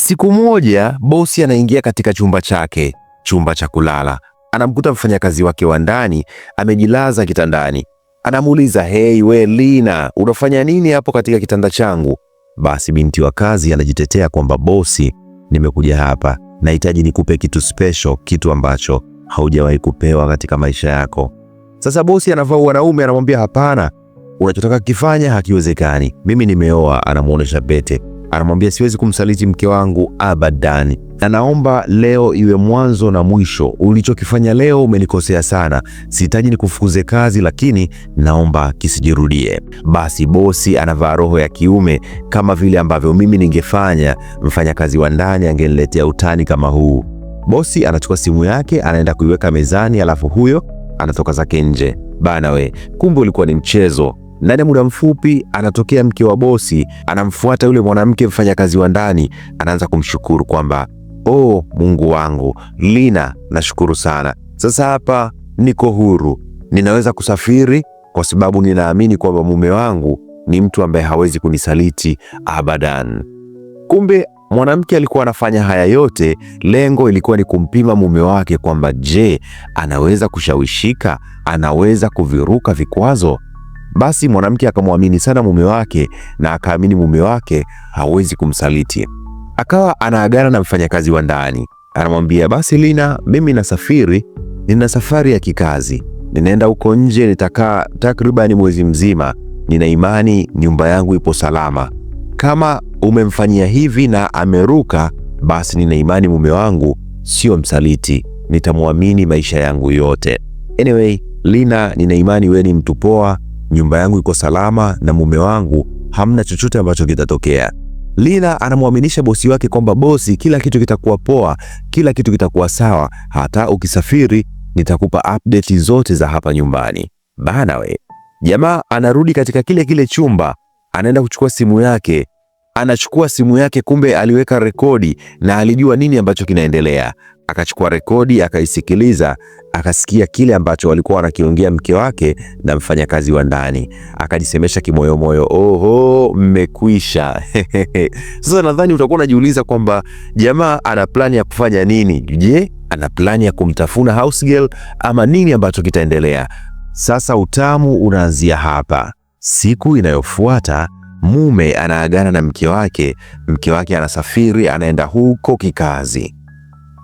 Siku moja bosi anaingia katika chumba chake, chumba cha kulala. Anamkuta mfanyakazi wake wa ndani amejilaza kitandani. Anamuuliza, hey, we Lina, unafanya nini hapo katika kitanda changu? Basi binti wa kazi anajitetea kwamba bosi, nimekuja hapa, nahitaji nikupe kitu special, kitu ambacho haujawahi kupewa katika maisha yako. Sasa bosi anavaa wanaume, anamwambia hapana, unachotaka kifanya hakiwezekani, mimi nimeoa. Anamuonesha pete anamwambia siwezi kumsaliti mke wangu abadani, na naomba leo iwe mwanzo na mwisho. Ulichokifanya leo umenikosea sana, sihitaji nikufukuze kazi, lakini naomba kisijirudie. Basi bosi anavaa roho ya kiume kama vile ambavyo mimi ningefanya, mfanyakazi wa ndani angeniletea utani kama huu. Bosi anachukua simu yake anaenda kuiweka mezani, alafu huyo anatoka zake nje. Bana we, kumbe ulikuwa ni mchezo. Ndani ya muda mfupi anatokea mke wa bosi, anamfuata yule mwanamke mfanyakazi wa ndani, anaanza kumshukuru kwamba oh, Mungu wangu Lina, nashukuru sana, sasa hapa niko huru, ninaweza kusafiri kwa sababu ninaamini kwamba mume wangu ni mtu ambaye hawezi kunisaliti abadan. Kumbe mwanamke alikuwa anafanya haya yote, lengo ilikuwa ni kumpima mume wake kwamba je, anaweza kushawishika, anaweza kuviruka vikwazo basi mwanamke akamwamini sana mume wake na akaamini mume wake hawezi kumsaliti. Akawa anaagana na mfanyakazi wa ndani, anamwambia basi, Lina, mimi nasafiri, nina safari ya kikazi, ninaenda huko nje, nitakaa takribani mwezi mzima. Nina imani nyumba yangu ipo salama. Kama umemfanyia hivi na ameruka, basi nina imani mume wangu sio msaliti, nitamwamini maisha yangu yote. Anyway, Lina, nina imani wewe ni mtu poa nyumba yangu iko salama na mume wangu, hamna chochote ambacho kitatokea. Lila anamwaminisha bosi wake kwamba bosi, kila kitu kitakuwa poa, kila kitu kitakuwa sawa, hata ukisafiri nitakupa update zote za hapa nyumbani. Bana we jamaa anarudi katika kile kile chumba, anaenda kuchukua simu yake anachukua simu yake, kumbe aliweka rekodi na alijua nini ambacho kinaendelea. Akachukua rekodi akaisikiliza, akasikia kile ambacho walikuwa wanakiongea mke wake na mfanyakazi wa ndani, akajisemesha kimoyomoyo, oho, mmekwisha. Sasa nadhani utakuwa unajiuliza kwamba jamaa ana plani ya kufanya nini? Je, ana plani ya kumtafuna house girl ama nini ambacho kitaendelea? Sasa utamu unaanzia hapa. Siku inayofuata mume anaagana na mke wake, mke wake anasafiri anaenda huko kikazi.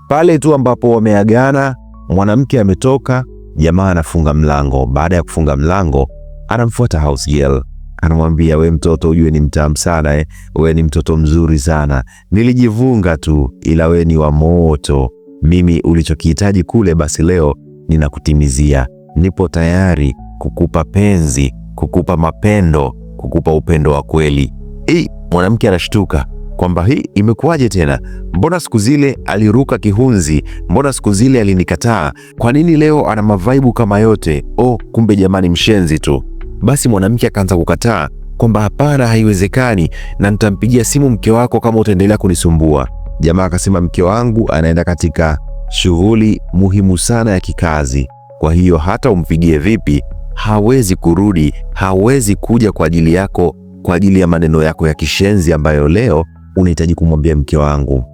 Pale tu ambapo wameagana, mwanamke ametoka, jamaa anafunga mlango. Baada ya kufunga mlango, anamfuata house girl, anamwambia we mtoto, ujue ni mtamu sana eh, we ni mtoto mzuri sana, nilijivunga tu, ila we ni wa moto. Mimi ulichokihitaji kule, basi leo ninakutimizia. Nipo tayari kukupa penzi, kukupa mapendo kukupa upendo wa kweli. Hii mwanamke anashtuka kwamba hii imekuwaje tena? Mbona siku zile aliruka kihunzi? Mbona siku zile alinikataa? Kwa nini leo ana mavaibu kama yote? Oh, kumbe jamani, mshenzi tu. Basi mwanamke akaanza kukataa kwamba hapana, haiwezekani na nitampigia simu mke wako kama utaendelea kunisumbua. Jamaa akasema, mke wangu anaenda katika shughuli muhimu sana ya kikazi, kwa hiyo hata umpigie vipi hawezi kurudi, hawezi kuja kwa ajili yako, kwa ajili ya maneno yako ya kishenzi ambayo leo unahitaji kumwambia mke wangu.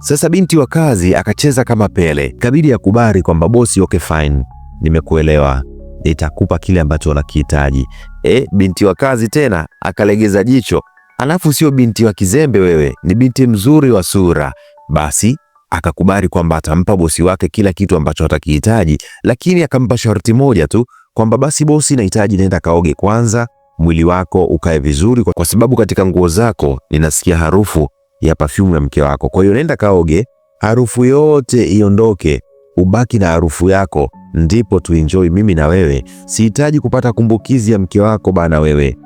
Sasa binti wa kazi akacheza kama Pele, kabidi akubali kwamba bosi, okay fine, nimekuelewa nitakupa kile ambacho unakihitaji. E, binti wa kazi tena akalegeza jicho, alafu sio binti wa kizembe wewe, ni binti mzuri wa sura. Basi akakubali kwamba atampa bosi wake kila kitu ambacho atakihitaji, lakini akampa sharti moja tu kwamba basi bosi, nahitaji nenda kaoge kwanza, mwili wako ukae vizuri, kwa sababu katika nguo zako ninasikia harufu ya perfume ya mke wako. Kwa hiyo nenda kaoge, harufu yote iondoke, ubaki na harufu yako, ndipo tuenjoy mimi na wewe. Sihitaji kupata kumbukizi ya mke wako bana wewe.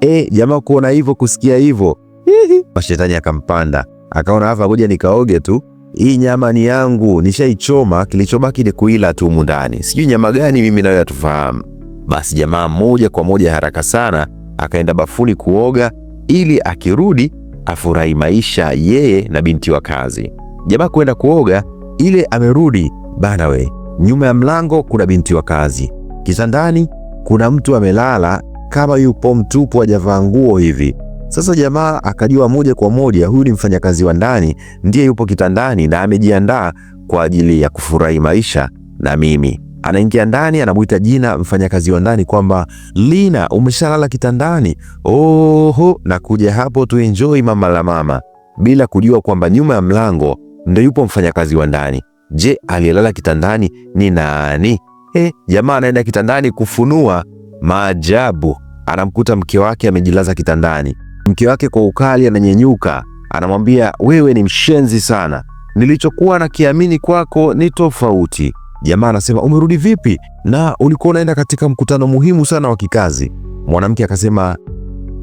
E, jamaa kuona hivyo, kusikia hivyo, mashetani akampanda, akaona hapa, ngoja nikaoge tu hii nyama ni yangu, nishaichoma, kilichobaki ni kuila tu humu ndani, sijui nyama gani mimi nayo yatufahamu. Basi jamaa moja kwa moja haraka sana akaenda bafuni kuoga ili akirudi afurahi maisha, yeye na binti wa kazi. Jamaa kwenda kuoga ile amerudi bana, we nyuma ya mlango kuna binti wa kazi, kitandani kuna mtu amelala kama yupo mtupu, hajavaa nguo hivi. Sasa jamaa akajua moja kwa moja huyu ni mfanyakazi wa ndani, ndiye yupo kitandani na amejiandaa kwa ajili ya kufurahi maisha na mimi anaingia ndani, anamwita jina mfanyakazi wa ndani kwamba Lina, umeshalala kitandani? Oho, nakuja hapo tu enjoy mama la mama, bila kujua kwamba nyuma ya mlango ndo yupo mfanyakazi wa ndani. Je, aliyelala kitandani ni nani? He, jamaa anaenda kitandani kufunua maajabu, anamkuta mke wake amejilaza kitandani. Mke wake kwa ukali ananyenyuka, anamwambia wewe ni mshenzi sana, nilichokuwa nakiamini kwako ni tofauti. Jamaa anasema umerudi vipi na ulikuwa unaenda katika mkutano muhimu sana wa kikazi? Mwanamke akasema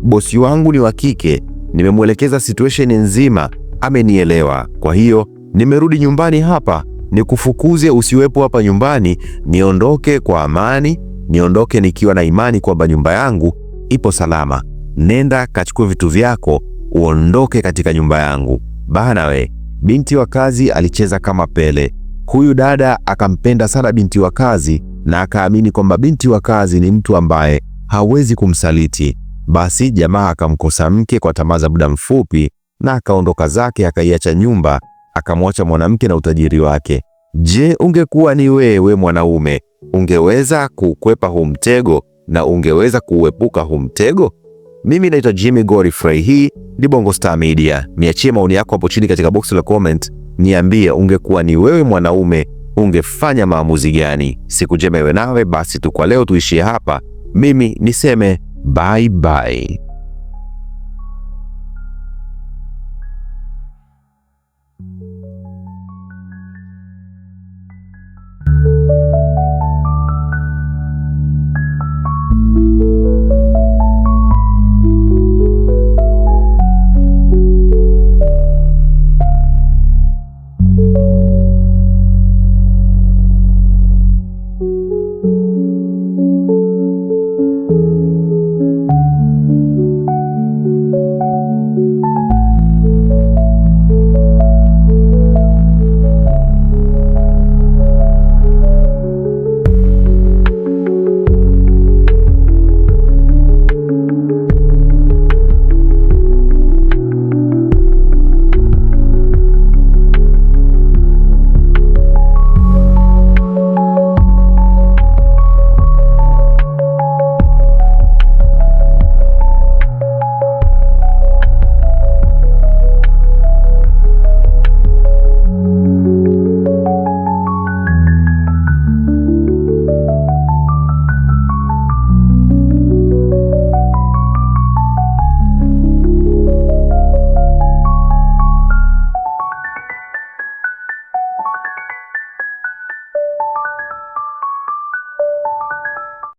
bosi wangu ni wa kike, nimemwelekeza situation nzima, amenielewa. Kwa hiyo nimerudi nyumbani hapa nikufukuze, usiwepo hapa nyumbani, niondoke kwa amani, niondoke nikiwa na imani kwamba nyumba yangu ipo salama nenda kachukue vitu vyako uondoke katika nyumba yangu. Bana we, binti wa kazi alicheza kama Pele. Huyu dada akampenda sana binti wa kazi na akaamini kwamba binti wa kazi ni mtu ambaye hawezi kumsaliti. Basi jamaa akamkosa mke kwa tamaa za muda mfupi, na akaondoka zake, akaiacha nyumba, akamwacha mwanamke na utajiri wake. Je, ungekuwa ni wewe mwanaume, ungeweza kuukwepa huu mtego na ungeweza kuuepuka huu mtego? Mimi naitwa Jimmy Godfrey, hii ni Bongo Star Media. Niachie maoni yako hapo chini katika box la comment, niambie ungekuwa ni wewe mwanaume ungefanya maamuzi gani? Siku njema iwe nawe. Basi tu kwa leo tuishie hapa, mimi niseme bye bye.